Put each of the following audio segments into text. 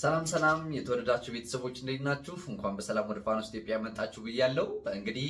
ሰላም ሰላም የተወደዳችሁ ቤተሰቦች እንዴት ናችሁ? እንኳን በሰላም ወደ ፋኖስ ኢትዮጵያ መጣችሁ ብያለሁ። እንግዲህ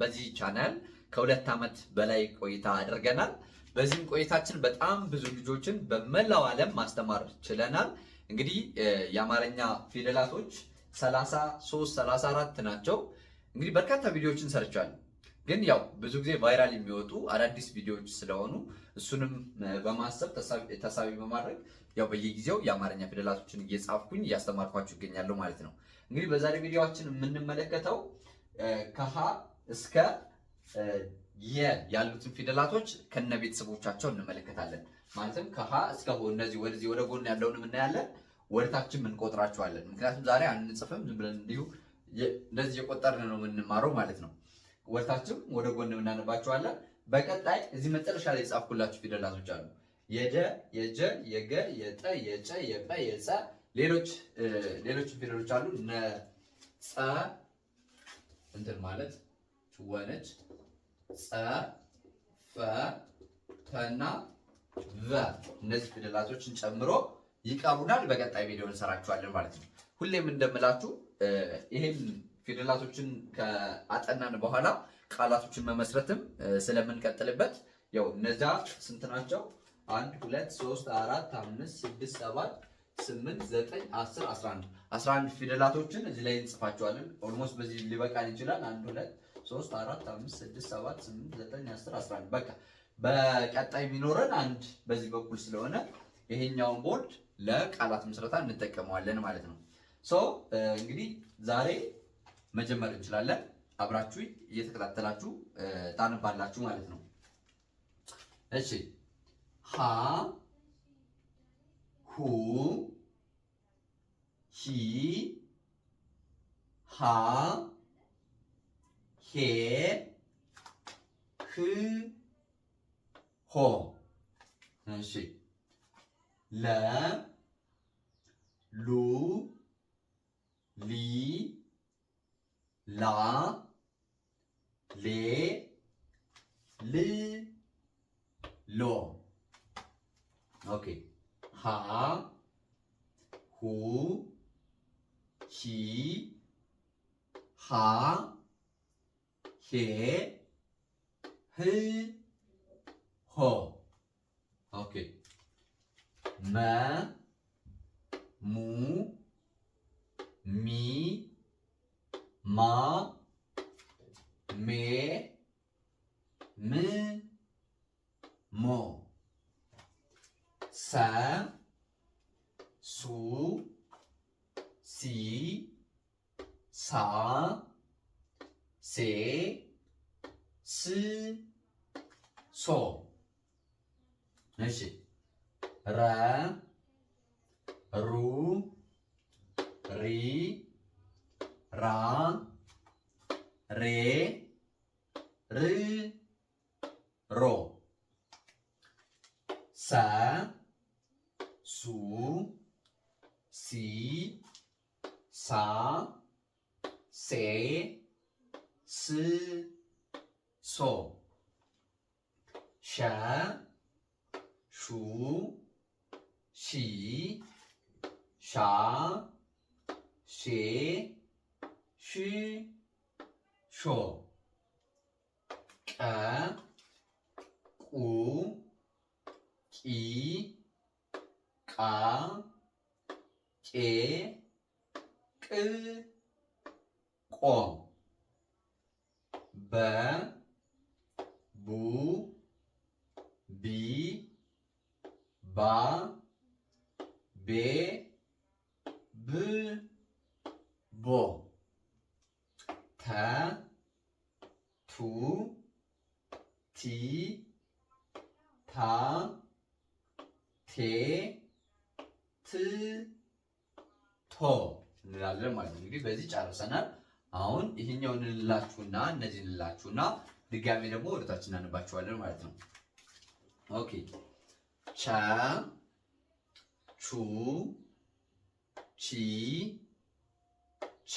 በዚህ ቻናል ከሁለት ዓመት በላይ ቆይታ አድርገናል። በዚህም ቆይታችን በጣም ብዙ ልጆችን በመላው ዓለም ማስተማር ችለናል። እንግዲህ የአማርኛ ፊደላቶች 33 34 ናቸው። እንግዲህ በርካታ ቪዲዮዎችን ሰርቻለሁ። ግን ያው ብዙ ጊዜ ቫይራል የሚወጡ አዳዲስ ቪዲዮዎች ስለሆኑ እሱንም በማሰብ ተሳቢ በማድረግ ያው በየጊዜው የአማርኛ ፊደላቶችን እየጻፍኩኝ እያስተማርኳችሁ ይገኛለሁ ማለት ነው። እንግዲህ በዛሬ ቪዲዮችን የምንመለከተው ከሀ እስከ የ ያሉትን ፊደላቶች ከነ ቤተሰቦቻቸው እንመለከታለን። ማለትም ከሀ እስከ እነዚህ ወደዚህ ወደ ጎን ያለውንም እናያለን፣ ወደታችም እንቆጥራቸዋለን። ምክንያቱም ዛሬ አንጽፍም፣ ዝም ብለን እንዲሁ እንደዚህ የቆጠርን ነው የምንማረው ማለት ነው። ወደታችም ወደ ጎንም እናነባችኋለን። በቀጣይ እዚህ መጨረሻ ላይ የጻፍኩላችሁ ፊደላቶች አሉ። የደ፣ የጀ፣ የገ፣ የጠ፣ የጨ፣ የበ፣ የፀ ሌሎች ሌሎች ፊደሎች አሉ። ነ፣ ጸ እንትን ማለት ወነች ጸ ፈ፣ ተና ቨ እነዚህ ፊደላቶችን ጨምሮ ይቀሩናል። በቀጣይ ቪዲዮ እንሰራችኋለን ማለት ነው። ሁሌም እንደምላችሁ ይሄን ፊደላቶችን ከአጠናን በኋላ ቃላቶችን መመስረትም ስለምንቀጥልበት ያው እነዛ ስንት ናቸው? አንድ ሁለት ሶስት አራት አምስት ስድስት ሰባት ስምንት ዘጠኝ አስር አስራ አንድ አስራ አንድ ፊደላቶችን እዚህ ላይ እንጽፋቸዋለን። ኦልሞስት በዚህ ሊበቃን ይችላል። አንድ ሁለት ሶስት አራት አምስት ስድስት ሰባት ስምንት ዘጠኝ አስር አስራ አንድ በቃ በቀጣይ የሚኖረን አንድ በዚህ በኩል ስለሆነ ይሄኛውን ቦርድ ለቃላት ምስረታ እንጠቀመዋለን ማለት ነው። ሶ እንግዲህ ዛሬ መጀመር እንችላለን። አብራችሁ እየተከታተላችሁ ታነባላችሁ ማለት ነው። እሺ ሀ ሁ ሂ ሃ ሄ ህ ሆ እሺ ለ ሉ ሊ ላ ሌ ል ሎ ኦኬ ሃ ሁ ሂ ሃ ሄ ህ ሆ ኦኬ መ ሙ ሚ ማ ሜ ም ሞ ሰ ሱ ሲ ሳ ሴ ስ ሶ እሺ ረ ሩ ሪ 朗，雷，里，罗，沙，舒，西，沙，西，斯，索，沙，舒，西，沙，西。ሺ ሾ ቀ ቁ ቂ ቃ ቄ ቅ ቆ በ ቡ ቢ ባ ቤ ብ ቦ ተ ቱ ቲ ታ ቴ ት ቶ እንላለን ማለት ነው። እንግዲህ በዚህ ጨርሰናል። አሁን ይሄኛው እንላችሁና እነዚህ እንላችሁና ድጋሜ ደግሞ ወደታች እናንባችኋለን ማለት ነው። ኦኬ ቸ ቹ ቺ ቻ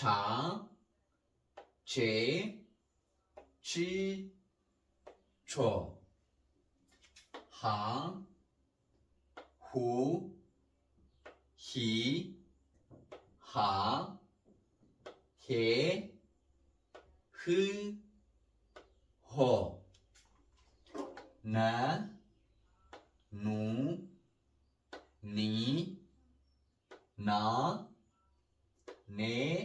G G 초 항, 후, 히, 하, 해, 흐, 호, 나, 누, 니, 나, 네,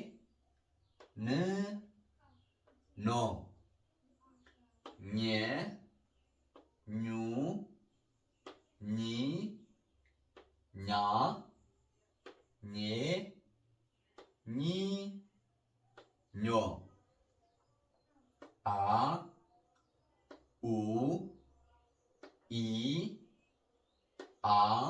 五，一，昂。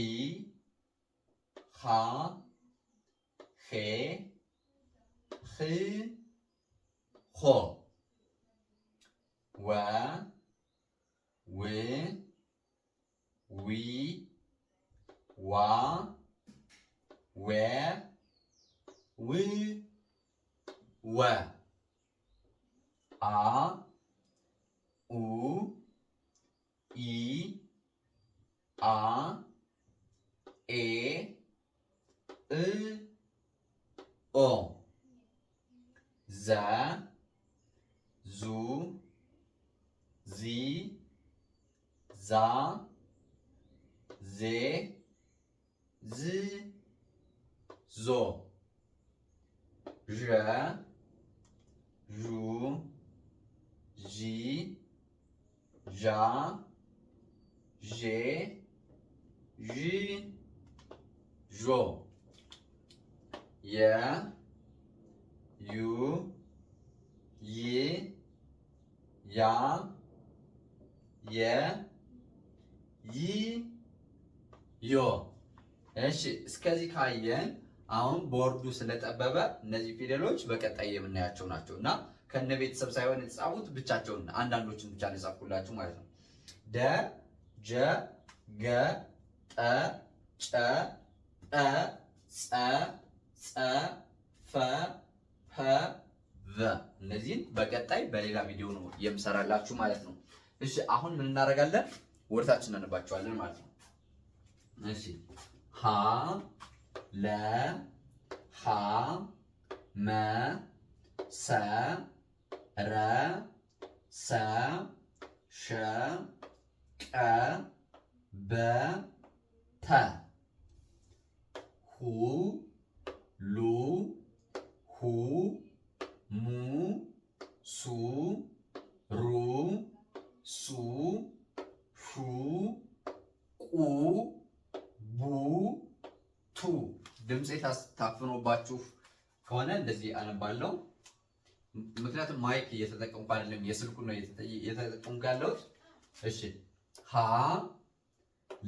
ሂ ሃ ሄ ህ ሆ ወ ው ዊ ዋ ዌ ው ወ አ ኡ ኢ አ ኤ e, እ ጆ የ ዩ ይ ያ የ ይ ዮ። እሺ እስከዚህ ካየን አሁን ቦርዱ ስለጠበበ እነዚህ ፊደሎች በቀጣይ የምናያቸው ናቸው እና ከነ ቤተሰብ ሳይሆን የተጻፉት ብቻቸውን አንዳንዶችን ብቻ ነው የጻፍኩላችሁ ማለት ነው። ደ ጀ ገ ጠ ጨ ጠ ጸ ጸ ፈ ፐ ቨ እነዚህን በቀጣይ በሌላ ቪዲዮ ነው የምሰራላችሁ ማለት ነው። እሺ አሁን ምን እናደርጋለን? ወደታች እናነባቸዋለን ማለት ነው። እሺ ሀ ለ ሐ መ ሰ ረ ሰ ሸ ቀ በ ተ ሁ ሉ ሁ ሙ ሱ ሩ ሱ ሹ ቁ ቡ ቱ ድምፄ ታፍኖባችሁ ከሆነ እንደዚህ አነባለሁ። ምክንያቱም ማይክ እየተጠቀምኩ አይደለም፣ የስልኩ ነው እየተጠቀምኩ ያለሁት። እሺ ሀ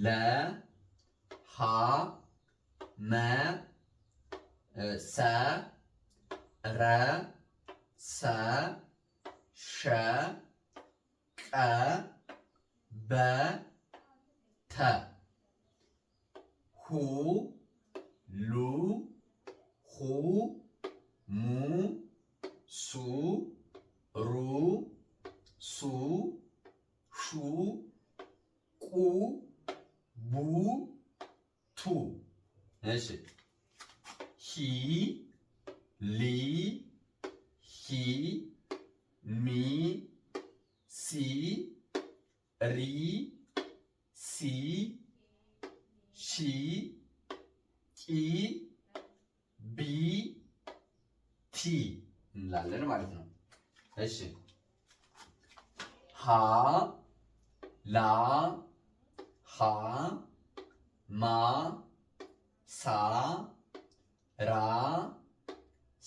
ለ ሀ መ ሰ ረ ሰ ሸ ቀ በ ተ ሁ ሉ ሁ ሙ ሱ ሩ ሱ ሹ ቁ ቡ ቱ Listen. He, Lee,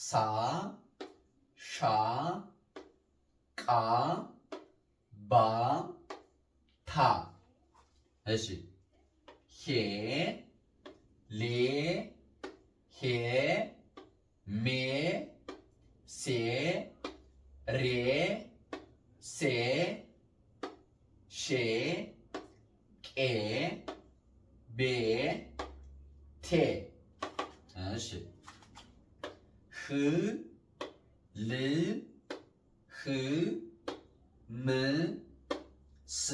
ሳ ሻ ቃ ባ ታ እሺ ሄ ሌ ሄ ሜ ሴ ሬ ሴ ሼ ቄ ቤ ቴ እሺ ህ ል ህ ም ስ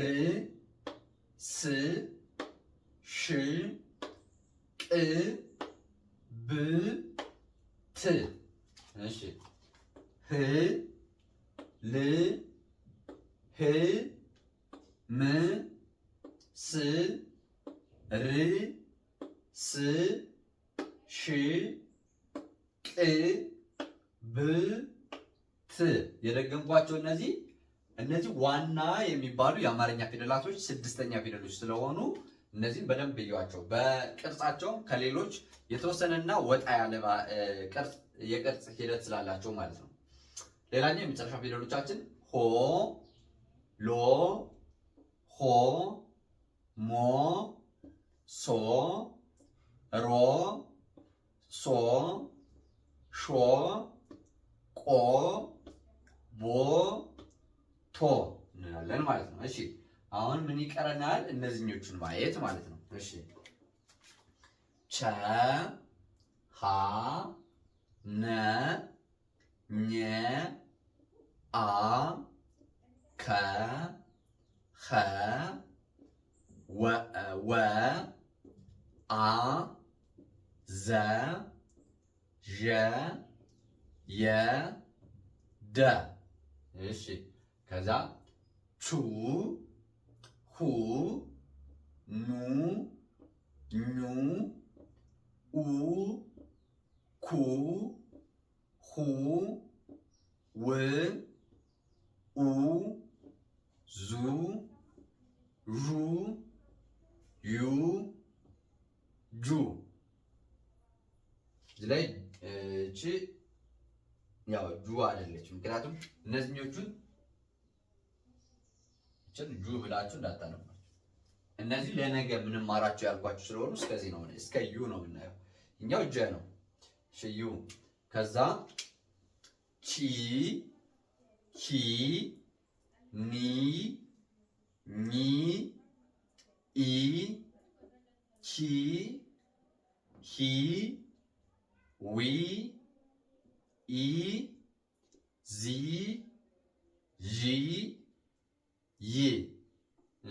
ር ስ ሽ ቅ ብ ት እሺ ህ ል ህ ም ስ ር ስ ሽ ቅብት የደገምኳቸው እነዚህ እነዚህ ዋና የሚባሉ የአማርኛ ፊደላቶች ስድስተኛ ፊደሎች ስለሆኑ እነዚህም በደንብ እዩዋቸው። በቅርጻቸውም ከሌሎች የተወሰነና ወጣ ያለ የቅርጽ ሂደት ስላላቸው ማለት ነው። ሌላኛው የመጨረሻ ፊደሎቻችን ሆ፣ ሎ፣ ሆ፣ ሞ፣ ሶ፣ ሮ፣ ሶ ሾ ቆ ቦ ቶ እንላለን ማለት ነው። እሺ አሁን ምን ይቀረናል? እነዚህኞቹን ማየት ማለት ነው። እሺ ቸ ሀ ነ ኘ አ ከ ኸ ወ ወ አ ዘ ዠ የ ደ እሺ። ከዛ ቹ ሁ ኑ ኙ ኡ ኩ ሁ ው ኡ ዙ ዡ ዩ ጁ እዚህ ላይ እቺ ያው ጁ አይደለች ምክንያቱም እነዚህኞቹን እቺን ጁ ብላችሁ እንዳታነባችሁ። እነዚህ ለነገ የምንማራቸው ያልኳችሁ ስለሆኑ እስከዚህ ነው፣ እስከ ዩ ነው የምናየው። እኛው ጀ ነው እሺ፣ ከዛ ቺ ቺ ኒ ኒ ኢ ቺ ሂ ዊ ኢ ዚ ዢ ይ።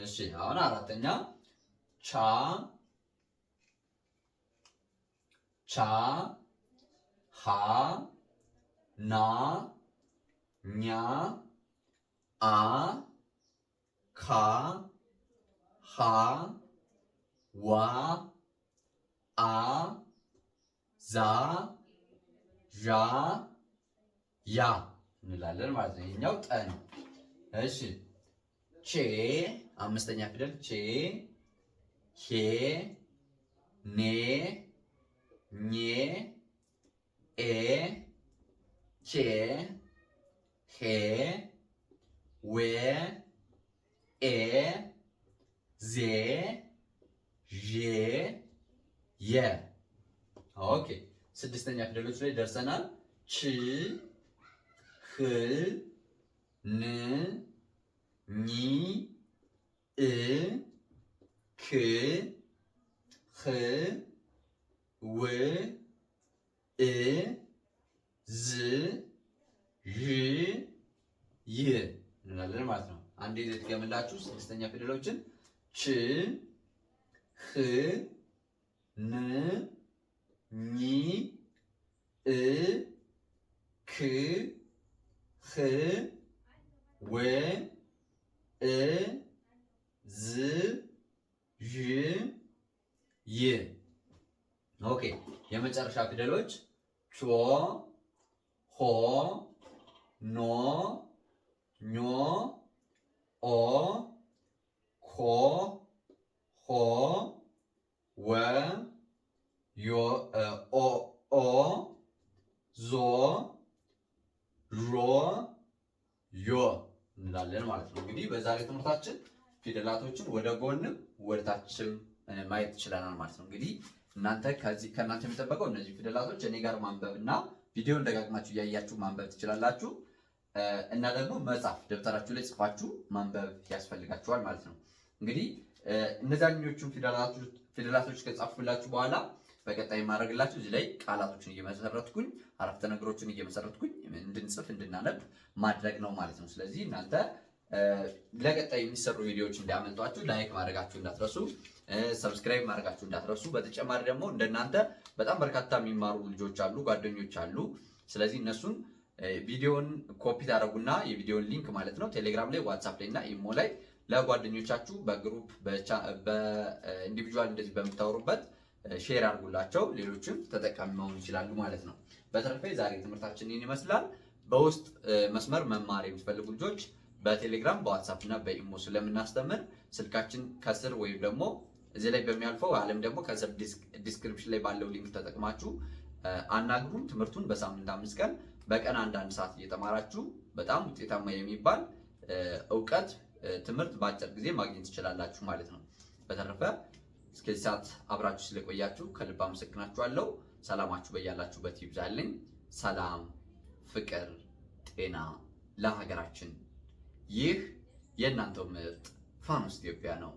እሺ አሁን አራተኛ ቻ ቻ ሃ ና ኛ አ ካ ሃ ዋ አ ዛ ዣ ያ እንላለን ማለት ነው። ይሄኛው ጠ ነው። እሺ ቼ አምስተኛ ፊደል ቼ ሄ ኔ ኜ ኤ ኬ ሄ ዌ ኤ ዜ ዤ የ ኦኬ ስድስተኛ ፊደሎች ላይ ደርሰናል። ች ህ ን ኝ እ ክ ህ ው እ ዝ ዥ ይ እንላለን ማለት ነው። አንዴ ትገምላችሁ ስድስተኛ ፊደሎችን ች ህ ን ኒ እ ክ ህ ወ እ ዝ ዥ ይ ኦኬ። የመጨረሻ ፊደሎች ቾ ሆ ኖ ኞ ኦ ኮ ሆ ወ ዮ ኦ ኦ ዞ ዦ ዮ እንላለን ማለት ነው። እንግዲህ በዛሬ ትምህርታችን ፊደላቶችን ወደ ጎንም ወደ ማየት ይችላናል ማለት ነው። እንግዲህ እናንተ ከዚህ ከእናንተ የሚጠበቀው እነዚህ ፊደላቶች እኔ ጋር ማንበብ እና ቪዲዮን ደጋግማችሁ እያያችሁ ማንበብ ትችላላችሁ እና ደግሞ መጻፍ ደብተራችሁ ላይ ጽፋችሁ ማንበብ ያስፈልጋችኋል ማለት ነው። እንግዲህ እነዛኞቹን ፊደላቶች ከጻፍኩላችሁ በኋላ በቀጣይ የማደርግላችሁ እዚህ ላይ ቃላቶችን እየመሰረትኩኝ አረፍተ ነገሮችን እየመሰረትኩኝ እንድንጽፍ እንድናነብ ማድረግ ነው ማለት ነው። ስለዚህ እናንተ ለቀጣይ የሚሰሩ ቪዲዮዎች እንዳያመልጧችሁ ላይክ ማድረጋችሁ እንዳትረሱ፣ ሰብስክራይብ ማድረጋችሁ እንዳትረሱ። በተጨማሪ ደግሞ እንደናንተ በጣም በርካታ የሚማሩ ልጆች አሉ፣ ጓደኞች አሉ። ስለዚህ እነሱን ቪዲዮን ኮፒ ታደረጉና የቪዲዮን ሊንክ ማለት ነው ቴሌግራም ላይ፣ ዋትሳፕ ላይ እና ኢሞ ላይ ለጓደኞቻችሁ በግሩፕ በኢንዲቪጁዋል እንደዚህ በምታወሩበት ሼር አድርጉላቸው፣ ሌሎችም ተጠቃሚ መሆን ይችላሉ ማለት ነው። በተረፈ ዛሬ ትምህርታችን ይህን ይመስላል። በውስጥ መስመር መማር የምትፈልጉ ልጆች በቴሌግራም በዋትሳፕ እና በኢሞ ስለምናስተምር ስልካችን ከስር ወይም ደግሞ እዚህ ላይ በሚያልፈው አለም ደግሞ ከስር ዲስክሪፕሽን ላይ ባለው ሊንክ ተጠቅማችሁ አናግሩን። ትምህርቱን በሳምንት አምስት ቀን በቀን አንዳንድ ሰዓት እየተማራችሁ በጣም ውጤታማ የሚባል እውቀት ትምህርት በአጭር ጊዜ ማግኘት ትችላላችሁ ማለት ነው። በተረፈ እስከዚህ ሰዓት አብራችሁ ስለቆያችሁ ከልብ አመሰግናችኋለሁ። ሰላማችሁ በያላችሁበት ይብዛልኝ። ሰላም፣ ፍቅር፣ ጤና ለሀገራችን። ይህ የእናንተው ምርጥ ፋኖስ ኢትዮጵያ ነው።